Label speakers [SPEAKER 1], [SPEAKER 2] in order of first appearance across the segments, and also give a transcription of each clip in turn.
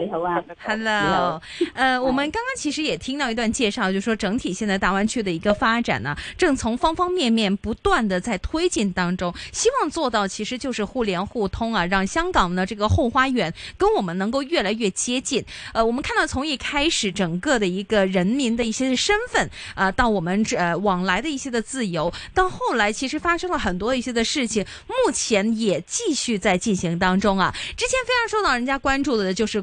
[SPEAKER 1] 你
[SPEAKER 2] 好啊，Hello，呃、uh， 我們剛剛其實也聽到一段介紹，就是，說整體現在大灣區的一個發展呢，啊，正從方方面面不斷的在推進當中，希望做到其實就是互聯互通啊，讓香港呢這個後花園跟我們能夠越來越接近。呃，我們看到從一開始整個的一個人民的一些身份，啊，到我們這，呃，往來的一些的自由，到後來其實發生了很多一些的事情，目前也繼續在進行當中啊。之前非常受到人家關注的，就是。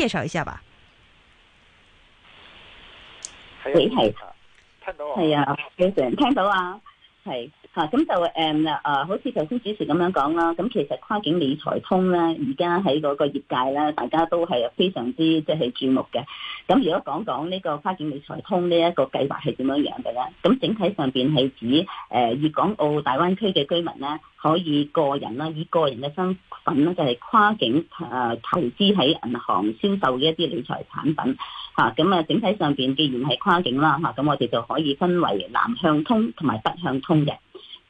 [SPEAKER 2] 介紹一下吧。
[SPEAKER 1] 係啊，聽到我係啊，你成聽到啊，係。嚇咁、啊、就誒啦、嗯啊，好似頭先主持咁樣講啦，咁、啊、其實跨境理財通咧，而家喺嗰個業界咧，大家都係非常之即係注目嘅。咁、啊、如果講講呢個跨境理財通呢一個計劃係點樣樣嘅咧？咁、啊、整體上邊係指誒粵、啊、港澳大灣區嘅居民咧，可以個人啦、啊，以個人嘅身份咧，就係、是、跨境誒、啊、投資喺銀行銷售嘅一啲理財產品。嚇、啊、咁啊，整體上邊既然係跨境啦，嚇、啊、咁、啊、我哋就可以分為南向通同埋北向通嘅。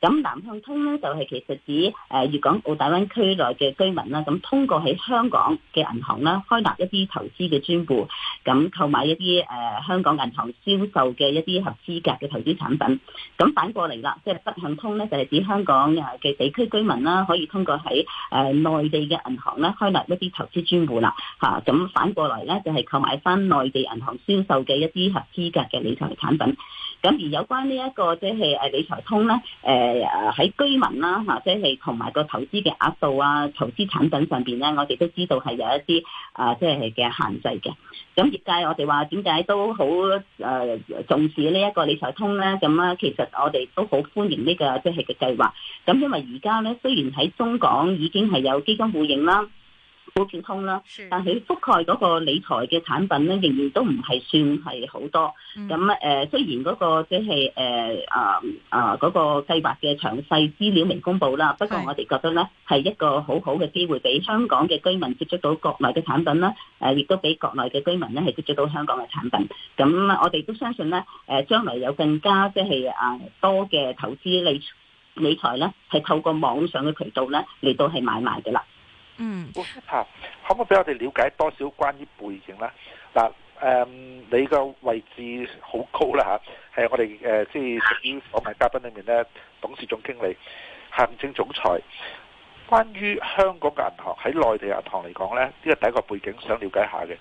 [SPEAKER 1] 咁南向通咧就係其實指誒粵港澳大灣區內嘅居民啦，咁通過喺香港嘅銀行啦開立一啲投資嘅專戶，咁購買一啲誒香港銀行銷售嘅一啲合資格嘅投資產品。咁反過嚟啦，即係北向通咧就係指香港嘅地區居民啦，可以通過喺誒內地嘅銀行咧開立一啲投資專戶啦，吓咁反過來咧就係購買返內地銀行銷售嘅一啲合資格嘅理財產品。咁而有關呢一個即係誒理財通咧，誒、呃、喺居民啦，或者係同埋個投資嘅額度啊、投資產品上邊咧，我哋都知道係有一啲啊，即係嘅限制嘅。咁業界我哋話點解都好誒、呃、重視呢一個理財通咧？咁啊，其實我哋都好歡迎呢個即係嘅計劃。咁因為而家咧，雖然喺中港已經係有基金互認啦。高鐵通啦，但係覆蓋嗰個理財嘅產品咧，仍然都唔係算係好多。咁誒、呃，雖然嗰個即係誒誒誒嗰個計劃嘅詳細資料未公布啦，不過我哋覺得咧係一個好好嘅機會，俾香港嘅居民接觸到國內嘅產品啦，誒、呃、亦都俾國內嘅居民咧係接觸到香港嘅產品。咁我哋都相信咧，誒將來有更加即係誒多嘅投資理理財咧，係透過網上嘅渠道咧嚟到係買賣嘅啦。
[SPEAKER 3] 嗯，吓，啊，可唔可以俾我哋了解多少關於背景呢？嗱，啊，誒，嗯，你個位置好高啦吓，係，啊、我哋誒，即係屬於訪問嘉賓裏面呢董事總經理、行政總裁。關於香港嘅銀行喺內地銀行嚟講呢，呢個第一個背景想了解下嘅。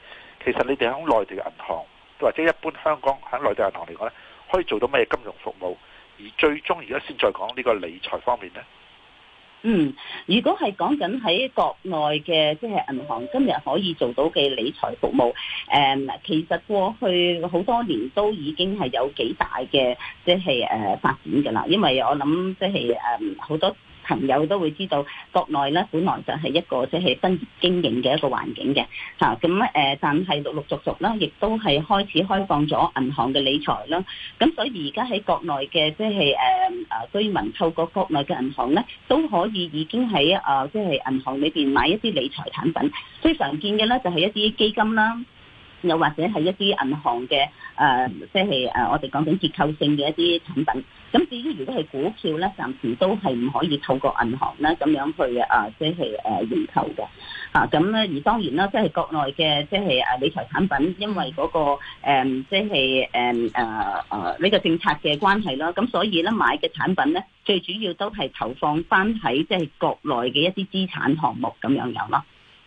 [SPEAKER 3] 其實你哋喺內地嘅銀行，或者一般香港喺內地銀行嚟講咧，可以做到咩金融服務？而最終而家先再講呢個理財方面呢。
[SPEAKER 1] 嗯，如果係講緊喺國內嘅，即係銀行今日可以做到嘅理財服務，誒、嗯，其實過去好多年都已經係有幾大嘅，即係誒發展㗎啦。因為我諗即係誒好多朋友都會知道，國內咧本來就係一個即係分業經營嘅一個環境嘅。嚇咁誒，但係陸陸續續啦，亦都係開始開放咗銀行嘅理財啦，咁、啊、所以而家喺國內嘅即係誒啊居民透過國內嘅銀行咧，都可以已經喺啊即係、就是、銀行裏邊買一啲理財產品，最常見嘅咧就係一啲基金啦。又或者係一啲銀行嘅誒，即係誒我哋講緊結構性嘅一啲產品。咁至於如果係股票咧，暫時都係唔可以透過銀行咧咁樣去誒，即係誒認購嘅。啊，咁咧而當然啦，即係國內嘅即係誒理財產品，因為嗰個誒即係誒誒誒呢個政策嘅關係啦，咁所以咧買嘅產品咧，最主要都係投放翻喺即係國內嘅一啲資產項目咁樣有咯。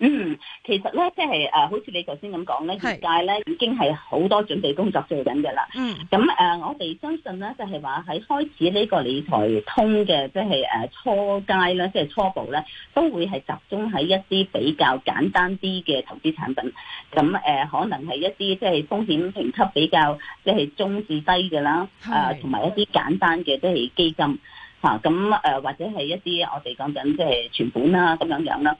[SPEAKER 1] 嗯，其實咧，即係誒，好似你頭先咁講咧，業是界咧已經係
[SPEAKER 2] 好多準備工作做緊嘅啦。嗯，
[SPEAKER 1] 咁誒、啊，我哋相信咧，就係話喺開始呢個理財通嘅，即係誒初階咧，即、就、係、是、初步咧，都會係集中喺一啲比較簡單啲嘅投資產品。咁誒是、啊，可能係一啲即係風險評級比較即係、就是、中至低嘅啦，啊，同埋是一啲簡單嘅即係基金，吓咁誒，或者係一啲我哋講緊即係存款啦咁樣樣啦。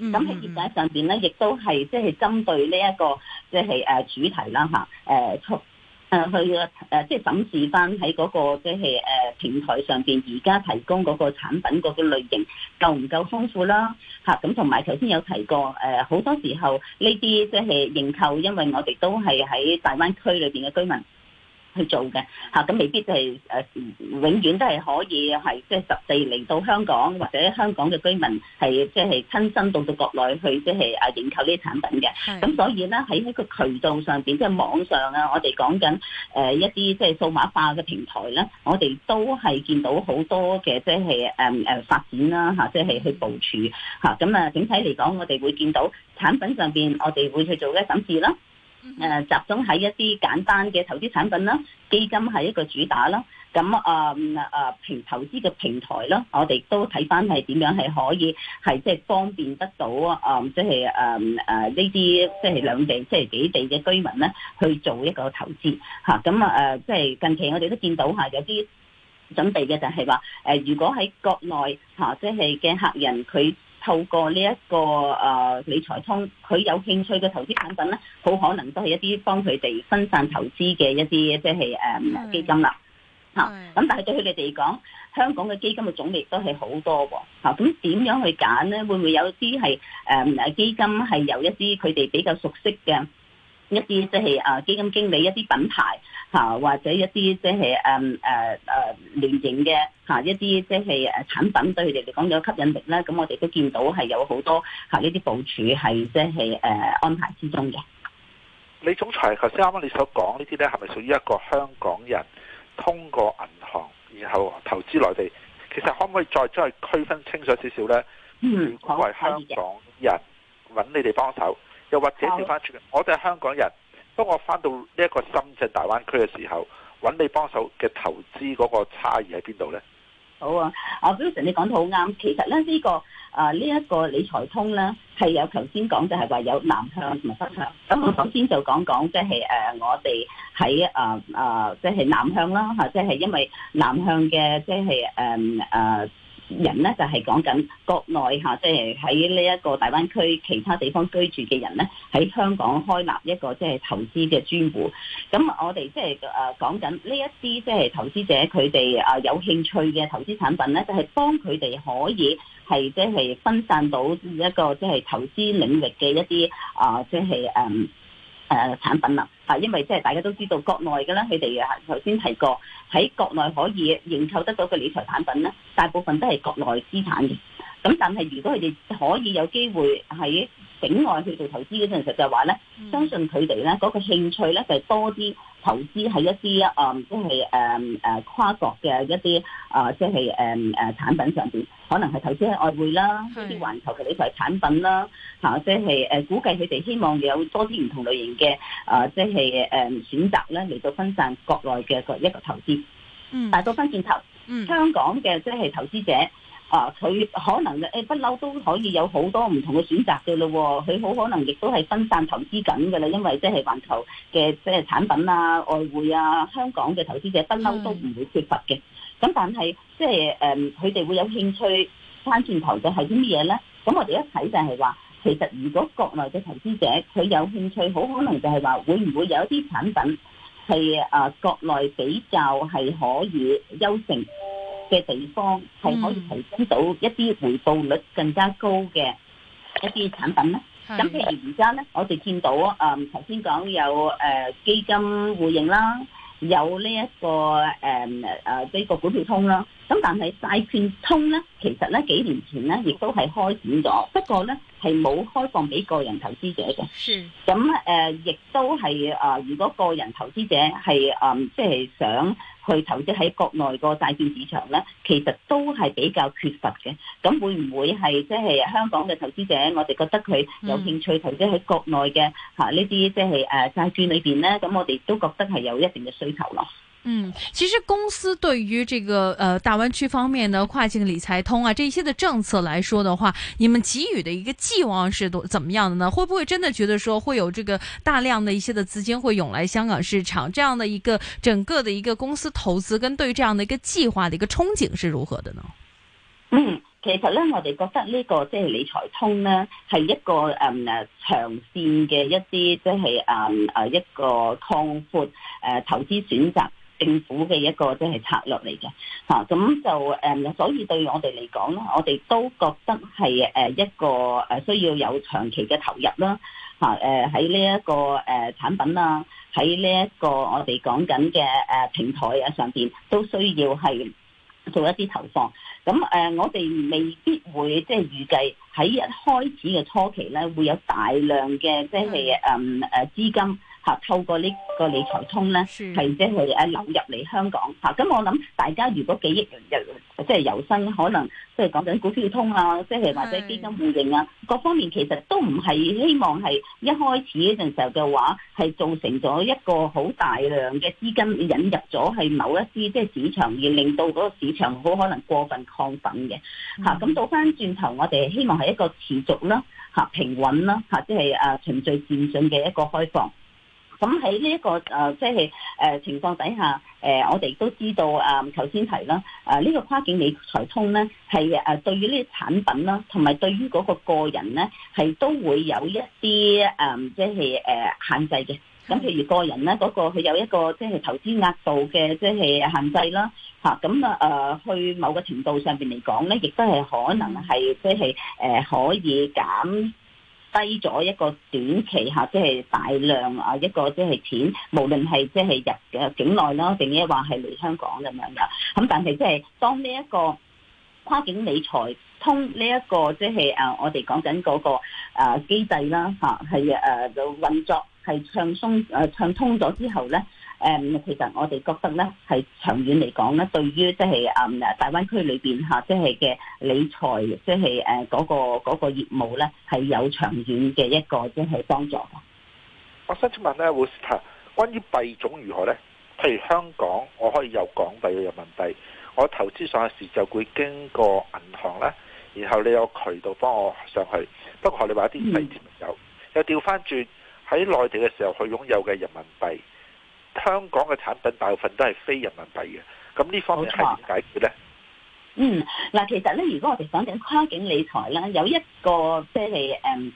[SPEAKER 1] 咁喺、mm hmm. 業界上邊咧，亦都係即係針對呢一個即係誒主題啦嚇，誒從誒去個誒即係審視翻喺嗰個即係誒平台上邊而家提供嗰個產品嗰個類型夠唔夠豐富啦嚇，咁同埋頭先有提過誒，好、啊、多時候呢啲即係認購，因為我哋都係喺大灣區裏邊嘅居民。去做嘅嚇，咁、啊、未必係、就、誒、是啊、永遠都係可以係即係實地嚟到香港或者香港嘅居民係即係親身到到國內去即係誒認購呢啲產品嘅。咁的所以咧喺呢一個渠道上邊，即、就、係、是、網上啊，我哋講緊誒一啲即係數碼化嘅平台咧，我哋都係見到好多嘅即係誒誒發展啦、啊、嚇，即、就、係、是、去部署嚇。咁啊，啊，整體嚟講，我哋會見到產品上邊，我哋會去做一啲審視啦。誒集中喺一啲簡單嘅投資產品啦，基金係一個主打啦。咁啊，啊平投資嘅平台啦，我哋都睇返係點樣係可以係即係方便得到啊！即係誒誒呢啲即係兩地即係、就是、幾地嘅居民咧，去做一個投資嚇。咁啊誒，即係、啊就是、近期我哋都見到嚇有啲準備嘅、就是，就係話誒，如果喺國內嚇即係嘅客人佢。透過呢、這、一個誒、呃、理財通，佢有興趣嘅投資產品咧，好可能都係一啲幫佢哋分散投資嘅一啲即係誒、嗯、基金啦。嚇、啊，咁但係對佢哋嚟講，香港嘅基金嘅種類都係好多喎。咁、啊、點樣去揀咧？會唔會有啲係誒基金係由一啲佢哋比較熟悉嘅？一啲即係啊，基金經理一啲品牌嚇，或者一啲即係誒誒誒聯營嘅嚇、啊，一啲即係誒產品對佢哋嚟講有吸引力啦。咁我哋都見到係有好多嚇呢啲部署係即係誒安排之中嘅。
[SPEAKER 3] 李總裁，頭先啱啱你所講呢啲咧，係咪屬於一個香港人通過銀行然後投資內地？其實可唔可以再再區分清楚少少咧？嗯，係為香港人揾你哋幫手。又或者翻好我哋係香港人，當我翻到呢一個深圳大灣區嘅時候，揾你幫手嘅投資嗰個差異喺邊度咧？
[SPEAKER 1] 好啊，阿 Billson，啊，你講得好啱。其實咧呢個啊呢一個理財通咧，係有頭先講，就係話有南向同埋北向。咁我首先就講講即係誒我哋喺誒誒即係南向啦嚇，即係因為南向嘅即係誒誒。即係誒誒人咧就係講緊國內嚇，即係喺呢一個大灣區其他地方居住嘅人咧，喺香港開立一個即係投資嘅專戶。咁我哋即係誒講緊呢一啲即係投資者佢哋啊有興趣嘅投資產品咧，就係幫佢哋可以係即係分散到一個即係投資領域嘅一啲啊即係誒誒產品啦。啊，因為即係大家都知道，國內嘅咧，佢哋啊頭先提過喺國內可以認購得到嘅理財產品咧，大部分都係國內資產嘅。咁但係如果佢哋可以有機會喺境外去做投資嘅陣時，就係話咧，相信佢哋咧嗰個興趣咧就係多啲投資喺一啲啊，即係誒誒跨國嘅一啲啊，即係誒誒產品上面，可能係投資喺外匯啦，一啲環球嘅理財產品啦。嚇，即係誒，估計佢哋希望有多啲唔同類型嘅啊，即係誒選擇咧嚟到分散國內嘅個一個投資。嗯，大多翻轉頭，嗯、香港嘅即係投資者啊，佢可能誒不嬲都可以有好多唔同嘅選擇嘅咯。佢好可能亦都係分散投資緊嘅啦，因為即係環球嘅即係產品啊、外匯啊，香港嘅投資者不嬲都唔會缺乏嘅。咁、嗯、但係即係誒，佢、就、哋、是嗯、會有興趣翻轉頭嘅係啲乜嘢咧？咁我哋一睇就係話。其實，如果國內嘅投資者佢有興趣，好可能就係話會唔會有一啲產品係啊國內比較係可以優勝嘅地方，係可以提升到一啲回報率更加高嘅一啲產品咧。咁譬如而家咧，我哋見到啊，頭先講有誒基金互認啦，有呢一個誒誒呢個股票通啦。咁但係債券通咧，其實咧幾年前咧亦都係開展咗，不過咧。係冇開放俾個人投資者嘅，咁誒亦都係啊、呃，如果個人投資者係啊，即、呃、係、就是、想去投資喺國內個債券市場呢，其實都係比較缺乏嘅。咁會唔會係即係香港嘅投資者？我哋覺得佢有興趣投資喺國內嘅嚇呢啲即係誒債券裏邊呢，咁我哋都覺得係有一定嘅需求咯。
[SPEAKER 2] 嗯，其實公司對於這個，呃，大灣區方面呢，跨境理財通啊，這一些的政策來說的話，你們給予的一個寄望是多怎麼樣的呢？會不會真的覺得說會有這個大量的一些的資金會湧來香港市場？這樣的一個整個的一個公司投資跟對於這樣的一個計劃的一個憧憬是如何的呢？嗯，
[SPEAKER 1] 其實呢，我哋覺得呢、這個即係、就是、理財通呢，係一個嗯誒長線嘅一啲即係嗯，誒、呃、一個擴闊誒、呃、投資選擇。政府嘅一個即係策略嚟嘅，嚇、啊、咁就誒、嗯，所以對我哋嚟講咧，我哋都覺得係誒一個誒需要有長期嘅投入啦，嚇誒喺呢一個誒、呃、產品啊，喺呢一個我哋講緊嘅誒平台啊上面都需要係做一啲投放。咁誒、呃，我哋未必會即係、就是、預計喺一開始嘅初期咧，會有大量嘅即係誒誒資金。嚇！透過呢個理財通咧，係即係誒流入嚟香港嚇。咁、啊、我諗大家如果幾億人入，即係遊資，可能即係講緊股票通啊，即、就、係、是、或者基金互認啊，是各方面其實都唔係希望係一開始嗰陣時候嘅話係造成咗一個好大量嘅資金引入咗係某一啲即係市場而令到嗰個市場好可能過分亢奮嘅嚇。咁、啊、倒翻轉頭，我哋希望係一個持續啦嚇、啊、平穩啦嚇，即係誒循序漸進嘅一個開放。咁喺呢一個誒，即係誒情況底下，誒、呃、我哋都知道啊，頭、呃、先提啦，誒、呃、呢、這個跨境理財通咧，係誒、呃、對於呢啲產品啦，同、呃、埋對於嗰個個人咧，係都會有一啲誒、呃，即係誒、呃、限制嘅。咁譬如個人咧，嗰個佢有一個即係投資額度嘅，即係限制啦。嚇，咁啊誒，去某個程度上邊嚟講咧，亦都係可能係，即係誒、呃、可以減。低咗一個短期下，即係大量啊一個即係錢，無論係即係入嘅境內啦，定一話係嚟香港咁樣嘅。咁但係即係當呢一個跨境理財通呢一個即係誒，我哋講緊嗰個誒機制啦嚇，係誒就運作係暢鬆誒暢通咗之後咧。誒，um, 其實我哋覺得咧，係長遠嚟講咧，對於即係誒大灣區裏邊嚇，即係嘅理財，即係誒嗰個嗰個業務咧，係有長遠嘅一個即係幫助。我想請問
[SPEAKER 3] 咧，會 Sir，關於幣種如何咧？譬如香港，我可以有港幣嘅人民幣，我投資上嘅時就會經過銀行咧，然後你有渠道幫我上去。不過你話一啲細節有，嗯、又調翻轉喺內地嘅時候，佢擁有嘅人民幣。香港嘅產品大部分都係非人民幣嘅，咁呢方面係點解決咧？
[SPEAKER 1] 嗯，嗱，其實咧，如果我哋想緊跨境理財咧，有一個即係誒誒，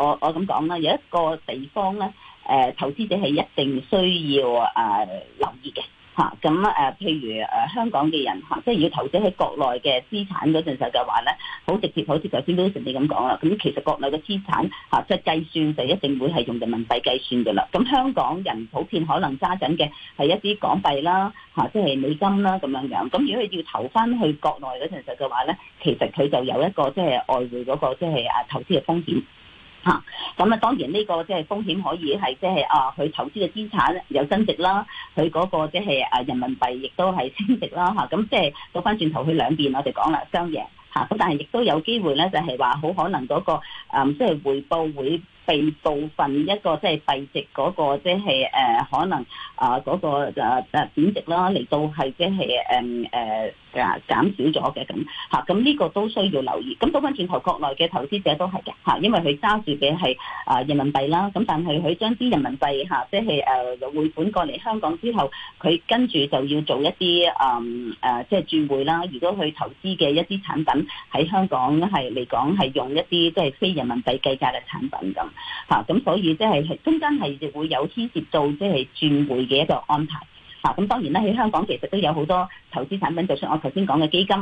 [SPEAKER 1] 我我咁講啦，有一個地方咧，誒、呃、投資者係一定需要誒、呃、留意嘅。嚇咁誒，譬如誒、啊、香港嘅人嚇、啊，即係要投資喺國內嘅資產嗰陣時嘅話咧，好直接，好似頭先都成美咁講啦。咁、嗯、其實國內嘅資產嚇、啊，即係計算就一定會係用人民幣計算嘅啦。咁、嗯、香港人普遍可能揸緊嘅係一啲港幣啦，嚇、啊，即係美金啦咁樣樣。咁、嗯、如果係要投翻去國內嗰陣時嘅話咧，其實佢就有一個即係、就是、外匯嗰、那個即係啊投資嘅風險。吓，咁啊，當然呢個即係風險可以係即係啊，佢投資嘅資產有增值啦，佢嗰個即係啊人民幣亦都係升值啦，嚇、啊，咁即係倒翻轉頭去兩邊，我哋講啦，雙贏嚇，咁、啊、但係亦都有機會咧、那個嗯，就係話好可能嗰個即係回報會被部分一個即係幣值嗰個即係誒可能啊嗰個誒誒貶值啦，就是就是、嗯，嚟到係即係誒誒誒減少咗嘅咁嚇，咁呢個都需要留意。咁倒翻轉頭，國內嘅投資者都係嘅嚇，因為佢揸住嘅係啊人民幣啦，咁但係佢將啲人民幣嚇即係誒匯款過嚟香港之後，佢跟住就要做一啲嗯誒即係轉匯啦。如果佢投資嘅一啲產品喺香港係嚟講係用一啲即係非人民幣計價嘅產品咁。吓咁、啊、所以即、就、係、是、中間係會有牽涉到即係轉匯嘅一個安排吓咁、啊、當然咧喺香港其實都有好多投資產品，就算我頭先講嘅基金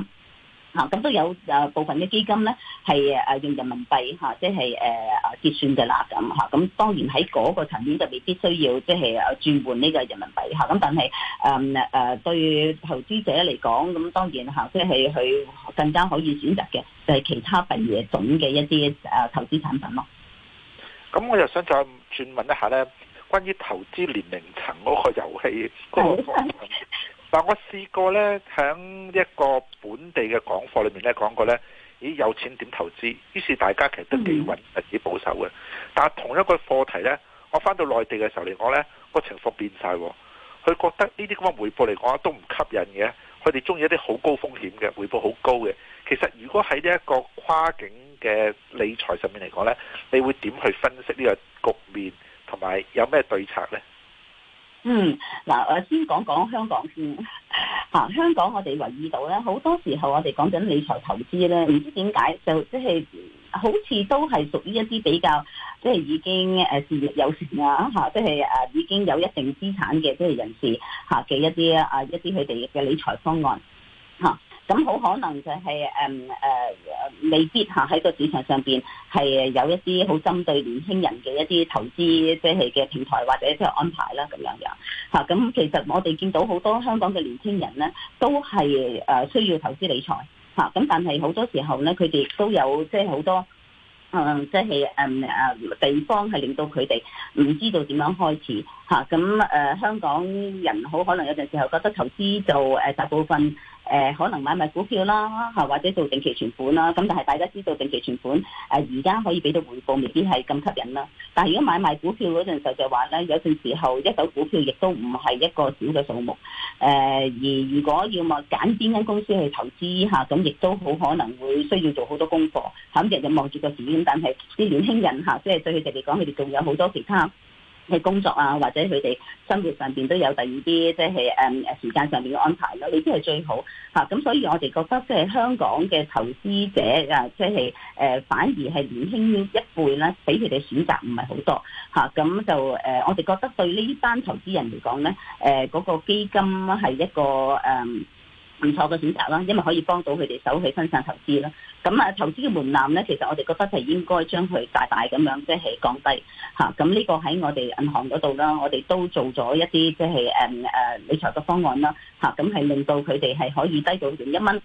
[SPEAKER 1] 吓咁、啊、都有誒部分嘅基金咧係誒用人民幣吓即係誒結算嘅啦咁吓咁當然喺嗰個層面就未必需要即係誒轉換呢個人民幣吓咁但係誒誒對投資者嚟講咁當然吓即係去更加可以選擇嘅就係其他幣嘢種嘅一啲誒投資產品咯。
[SPEAKER 3] 咁我又想再轉問一下呢，關於投資年齡層嗰個遊戲嗰個， 但我試過呢，喺一個本地嘅講課裏面呢講過呢，咦有錢點投資？於是大家其實都幾穩，陣子、嗯、保守嘅。但係同一個課題呢，我翻到內地嘅時候嚟講呢，個情況變晒，佢覺得呢啲咁嘅回報嚟講都唔吸引嘅。佢哋中意一啲好高風險嘅回報好高嘅。其實如果喺呢一個跨境嘅理財上面嚟講呢，你會點去分析呢個局面，同埋有咩對策呢？嗯，嗱，
[SPEAKER 1] 我先講講香港先。啊！香港我哋留意到咧，好多時候我哋講緊理財投資咧，唔知點解就即係、就是、好似都係屬於一啲比較即係、就是、已經誒、啊、事業有成啊，吓，即係誒已經有一定資產嘅即係人士吓嘅、啊啊、一啲啊一啲佢哋嘅理財方案吓。啊咁好可能就係誒誒未必嚇喺個市場上邊係有一啲好針對年輕人嘅一啲投資，即係嘅平台或者即係安排啦咁樣樣。嚇、啊、咁、嗯、其實我哋見到好多香港嘅年輕人咧，都係誒、呃、需要投資理財嚇。咁、啊、但係好多時候咧，佢哋都有即係好多誒，即係誒誒地方係令到佢哋唔知道點樣開始嚇。咁、啊、誒、嗯呃、香港人好可能有陣時候覺得投資就誒大部分。誒、呃、可能買賣股票啦，嚇，或者做定期存款啦，咁但係大家知道定期存款誒而家可以俾到回報未必係咁吸引啦。但係如果買賣股票嗰陣時就話咧，有陣時候一手股票亦都唔係一個小嘅數目。誒、呃、而如果要麼揀邊間公司去投資嚇，咁、啊、亦都好可能會需要做好多功課，肯定就望住個市，咁但係啲年輕人嚇，即、啊、係、就是、對佢哋嚟講，佢哋仲有好多其他。喺工作啊，或者佢哋生活上邊都有第二啲即係誒時間上面嘅安排咯，呢啲係最好嚇。咁、啊、所以我哋覺得即係香港嘅投資者啊，即係誒反而係年輕一輩咧，俾佢哋選擇唔係好多嚇。咁、啊、就誒、呃，我哋覺得對呢班投資人嚟講咧，誒、呃嗰個基金係一個。誒、嗯。唔錯嘅選擇啦，因為可以幫到佢哋手起分散投資啦。咁啊，投資嘅門檻咧，其實我哋覺得係應該將佢大大咁樣即係降低嚇。咁呢個喺我哋銀行嗰度啦，我哋都做咗一啲即係誒誒理財嘅方案啦。嚇，咁係令到佢哋係可以低到連一蚊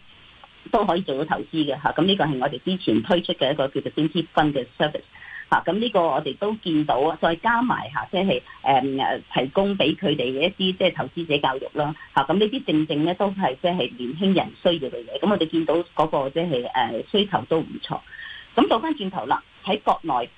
[SPEAKER 1] 都可以做到投資嘅嚇。咁呢個係我哋之前推出嘅一個叫做點貼分嘅 service。啊，咁、這、呢個我哋都見到啊，再加埋嚇，即係誒誒，提供俾佢哋嘅一啲即係投資者教育啦。嚇、啊，咁呢啲正正咧都係即係年輕人需要嘅嘢，咁、啊、我哋見到嗰個即係誒需求都唔錯。咁倒翻轉頭啦，喺國內。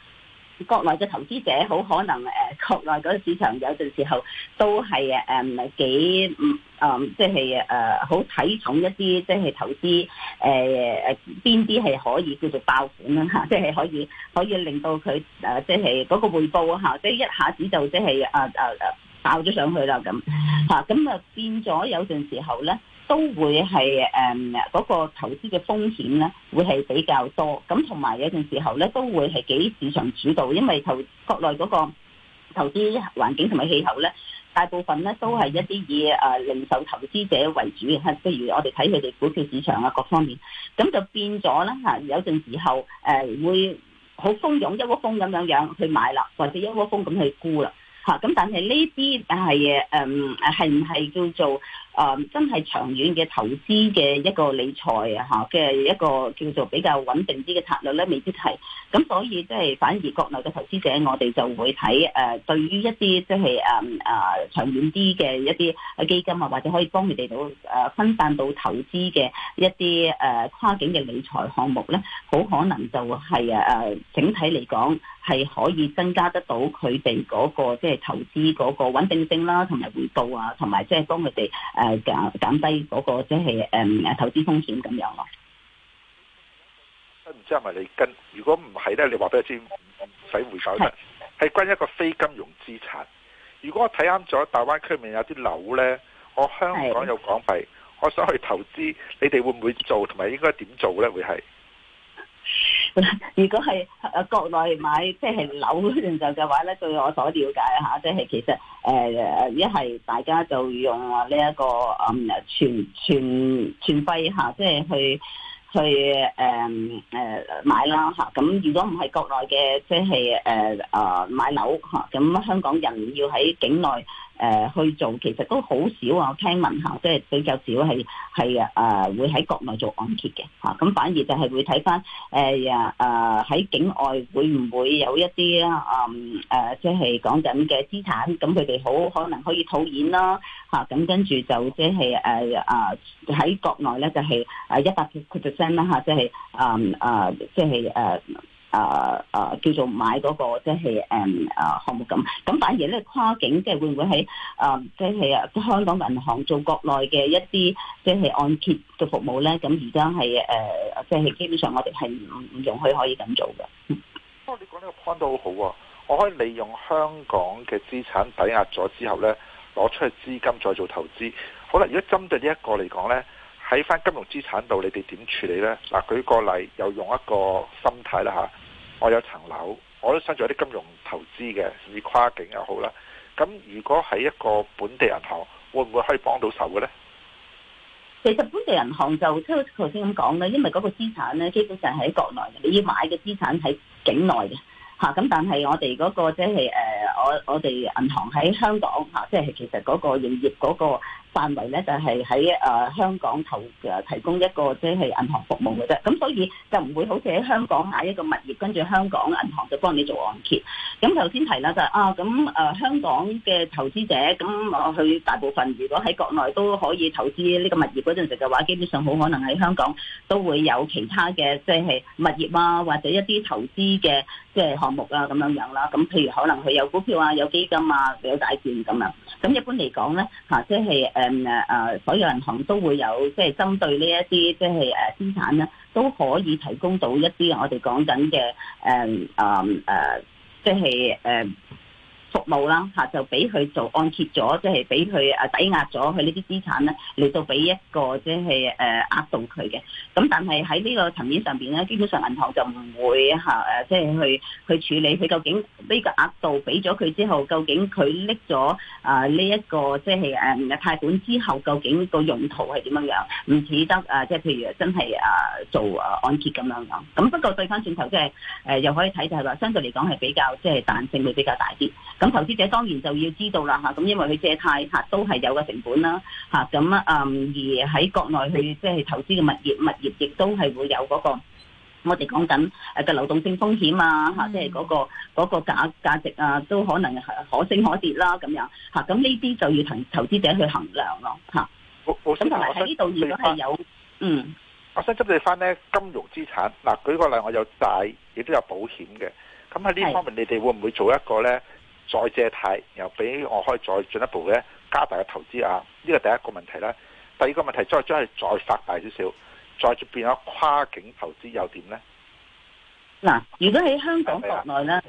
[SPEAKER 1] 國內嘅投資者好可能誒、呃，國內嗰個市場有陣時候都係誒誒唔係幾嗯誒，即係誒好睇重一啲，即、就、係、是、投資誒誒邊啲係可以叫做爆款啦嚇，即、啊、係、就是、可以可以令到佢誒即係嗰個回報嚇，即、啊、係、就是、一下子就即係誒誒誒爆咗上去啦咁嚇，咁啊變咗有陣時候咧。都會係誒嗰個投資嘅風險咧，會係比較多。咁同埋有陣時候咧，都會係幾市場主導，因為投國內嗰個投資環境同埋氣候咧，大部分咧都係一啲以誒、呃、零售投資者為主嘅嚇。譬如我哋睇佢哋股票市場啊，各方面，咁就變咗啦。嚇、啊。有陣時候誒、呃、會好蜂擁一窩蜂咁樣樣去買啦，或者一窩蜂咁去沽啦嚇。咁、啊、但係呢啲但係誒係唔係叫做？誒、嗯、真係長遠嘅投資嘅一個理財啊嚇嘅一個叫做比較穩定啲嘅策略咧，未必係，咁所以即係反而國內嘅投資者，我哋就會睇誒、呃、對於一啲即係誒誒長遠啲嘅一啲基金啊，或者可以幫佢哋到誒、呃、分散到投資嘅一啲誒、呃、跨境嘅理財項目咧，好可能就係誒誒整體嚟講係可以增加得到佢哋嗰個即係投資嗰個穩定性啦，同埋回報啊，同埋即係幫佢哋誒。呃係減低嗰、嗰個即係誒投資風險咁樣咯。
[SPEAKER 3] 唔知係咪你跟？如果唔係咧，你話俾我知，唔使回購啫。係是關於一個非金融資產。如果我睇啱咗大灣區面有啲樓咧，我香港有港幣，是我想去投資，你哋會唔會做？同埋應該點做咧？會係？
[SPEAKER 1] 如果係誒國內買，即係樓嗰陣就嘅話咧，據我所了解嚇，即、就、係、是、其實誒一係大家就用呢、這個嗯、一個、就是、嗯全全全費嚇，即係去去誒誒買啦嚇。咁、啊、如果唔係國內嘅、就是，即係誒啊買樓嚇，咁香港人要喺境內。誒、呃、去做其實都好少啊！我聽聞嚇，即係比較少係係啊，會喺國內做按揭嘅嚇，咁、啊、反而就係會睇翻誒呀啊喺境外會唔會有一啲啊誒，即係講緊嘅資產，咁佢哋好可能可以套現啦嚇，咁、啊、跟住就即係誒啊喺國內咧就係啊一百 percent 啦嚇，即係啊啊即係誒。嗯呃就是呃誒誒、呃，叫做買嗰、那個即係誒誒項目咁，咁反而咧跨境即係會唔會喺誒、呃、即係誒香港銀行做國內嘅一啲即係按揭嘅服務咧？咁而家係誒即係基本上我哋係唔容許可以咁做嘅。
[SPEAKER 3] 不過、哦、你講呢個 point 都好好、啊，我可以利用香港嘅資產抵押咗之後咧，攞出去資金再做投資。好啦，如果針對呢一個嚟講咧，喺返金融資產度，你哋點處理咧？嗱，舉個例，又用一個心態啦吓。啊我有層樓，我都想做啲金融投資嘅，甚至跨境又好啦。咁如果喺一個本地銀行，會唔會可以幫到手嘅咧？
[SPEAKER 1] 其實本地銀行就即係頭先咁講咧，因為嗰個資產咧基本上係喺國內嘅，你要買嘅資產喺境內嘅嚇。咁但係我哋嗰個即係誒，我我哋銀行喺香港嚇，即係其實嗰個營業嗰個。範圍咧就係喺誒香港投誒、呃、提供一個即係銀行服務嘅啫，咁所以就唔會好似喺香港買一個物業，跟住香港銀行就幫你做按揭。咁頭先提啦就係、啊，咁誒、呃、香港嘅投資者咁，我去、呃、大部分如果喺國內都可以投資呢個物業嗰陣時嘅話，基本上好可能喺香港都會有其他嘅即係物業啊，或者一啲投資嘅。即係項目呀，咁樣樣啦，咁譬如可能佢有股票啊，有基金啊，有債券咁樣。咁一般嚟講咧，嚇，即係誒誒誒，所有銀行都會有，即係針對呢一啲即係誒資產咧，都可以提供到一啲我哋講緊嘅誒啊誒，即係誒。啊服務啦，吓就俾佢做按揭咗，即係俾佢啊抵押咗佢呢啲資產咧嚟到俾一個即係誒額度佢嘅。咁、呃、但係喺呢個層面上邊咧，基本上銀行就唔會吓誒，即、啊、係、就是、去去處理佢究竟呢個額度俾咗佢之後，究竟佢搦咗啊呢一個即係誒唔係貸款之後，究竟個用途係點樣樣？唔似得誒，即、呃、係譬如真係啊、呃、做啊按揭咁樣樣。咁不過對翻轉頭、就是，即係誒又可以睇就係話相對嚟講係比較即係彈性會比較大啲。投資者當然就要知道啦嚇。咁因為佢借貸嚇都係有個成本啦嚇。咁啊，而喺國內去即係投資嘅物業，物業亦都係會有嗰個我哋講緊誒嘅流動性風險啊嚇，嗯、即係嗰個嗰個價價值啊，都可能係可升可跌啦。咁樣嚇，咁呢啲就要同投資者去衡量咯嚇。咁同埋喺呢度如果係有，
[SPEAKER 3] 有嗯，我想針對翻咧金融資產嗱，舉個例，我有債，亦都有保險嘅。咁喺呢方面，你哋會唔會做一個咧？再借貸，然後俾我可以再進一步咧加大嘅投資啊，呢個第一個問題啦。第二個問題，再再再放大少少，再變咗跨境投資又點呢？嗱，
[SPEAKER 1] 如果喺香港的國內咧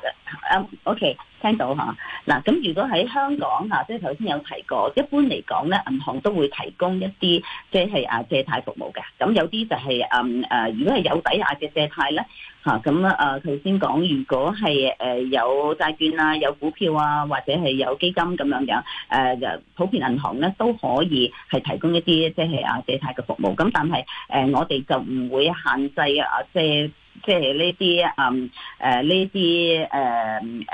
[SPEAKER 1] ，OK 聽到嚇。嗱，咁如果喺香港嚇，即係頭先有提過，一般嚟講咧，銀行都會提供一啲即係啊借貸服務嘅。咁有啲就係嗯誒，如果係有抵押嘅借貸咧嚇，咁啊誒頭先講，如果係誒有債券啊、有股票啊，或者係有基金咁樣樣誒，就普遍銀行咧都可以係提供一啲即係啊借貸嘅服務。咁但係誒，我哋就唔會限制啊借。即係呢啲嗯誒呢啲誒誒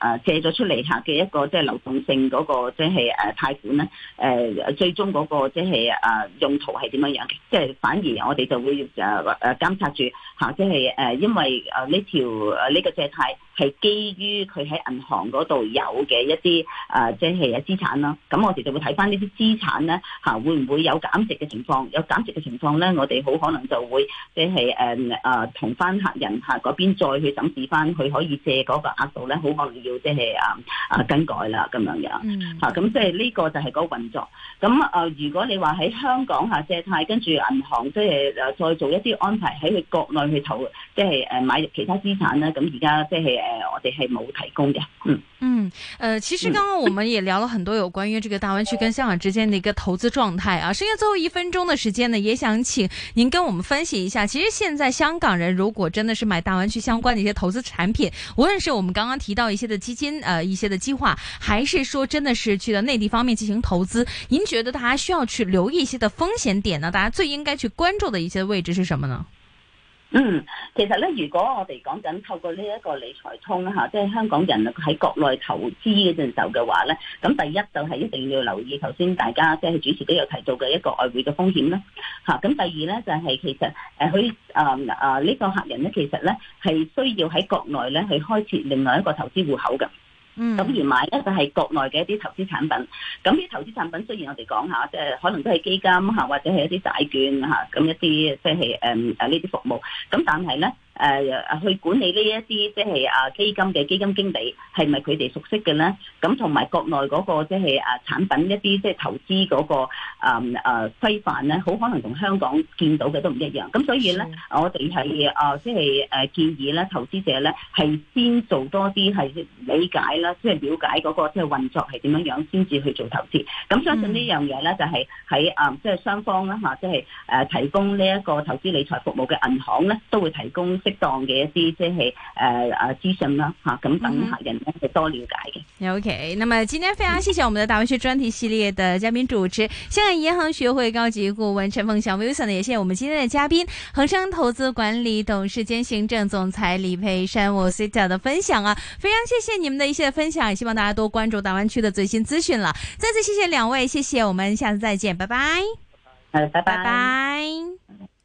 [SPEAKER 1] 誒借咗出嚟下嘅一個即係流動性嗰個即係誒貸款咧誒、啊、最終嗰個即係誒用途係點樣樣？即係反而我哋就會誒誒監察住嚇，即係誒因為誒呢條誒呢個借貸。係基於佢喺銀行嗰度有嘅一啲誒、啊，即係嘅資產啦。咁我哋就會睇翻呢啲資產咧，嚇、啊、會唔會有減值嘅情況？有減值嘅情況咧，我哋好可能就會即係誒、嗯、啊，同翻客人嚇嗰、啊、邊再去審視翻，佢可以借嗰個額度咧，好可能要即係啊啊更改啦咁樣樣嚇。咁即係呢個就係嗰個運作。咁啊，如果你話喺香港嚇、啊、借貸，跟住銀行即係、就係、啊再做一啲安排喺佢國內去投，即係誒買其他資產咧，咁而家即係。誒，我哋
[SPEAKER 2] 係冇提供嘅，嗯嗯，呃，其實剛剛我們也聊了很多有關於這個大灣區跟香港之間的一個投資狀態啊。剩下最後一分鐘的時間呢，也想請您跟我們分析一下，其實現在香港人如果真的是買大灣區相關的一些投資產品，無論是我們剛剛提到一些的基金，呃，一些的計劃，還是說真的是去到內地方面進行投資，您覺得大家需要去留意一些的風險點呢？大家最應該去關注的一些位置是什麼呢？
[SPEAKER 1] 嗯，其實咧，如果我哋講緊透過呢一個理財通吓、啊，即係香港人喺國內投資嘅陣時嘅話咧，咁第一就係一定要留意頭先大家即係主持都有提到嘅一個外匯嘅風險啦。吓、啊，咁第二咧就係、是、其實誒，佢誒誒呢個客人咧，其實咧係需要喺國內咧去開設另外一個投資戶口㗎。咁、嗯、而買咧就係國內嘅一啲投資產品，咁啲投資產品雖然我哋講下，即係可能都係基金嚇，或者係一啲債券嚇，咁一啲即係誒誒呢啲服務，咁但係咧。誒去管理呢一啲即係啊基金嘅基金經理係咪佢哋熟悉嘅咧？咁同埋國內嗰個即係啊產品一啲即係投資嗰個啊啊規範咧，好可能同香港見到嘅都唔一樣。咁所以咧，的我哋係啊即係誒建議咧，投資者咧係先做多啲係理解啦，即係了解嗰個即係運作係點樣樣，先至去做投資。咁相信呢樣嘢咧，就係喺啊即係雙方啦嚇，即係誒提供呢一個投資理財服務嘅銀行咧，都會提供。適當嘅一啲即係誒誒資訊啦吓，咁等客人咧
[SPEAKER 2] 去多了解嘅。OK，咁啊，今天非常謝謝我們的大灣區專題系列的嘉賓主持，香港銀行學會高級顧問陳鳳翔 Wilson，也謝謝我們今天的嘉賓恒生投資管理董事兼行政總裁李佩珊 Rosita 的分享啊，非常謝謝你們的一切分享，希望大家多關注大灣區的最新資訊啦。再次謝謝兩位，謝謝，我們下次再見，拜拜，好，拜拜。Bye bye. Bye bye.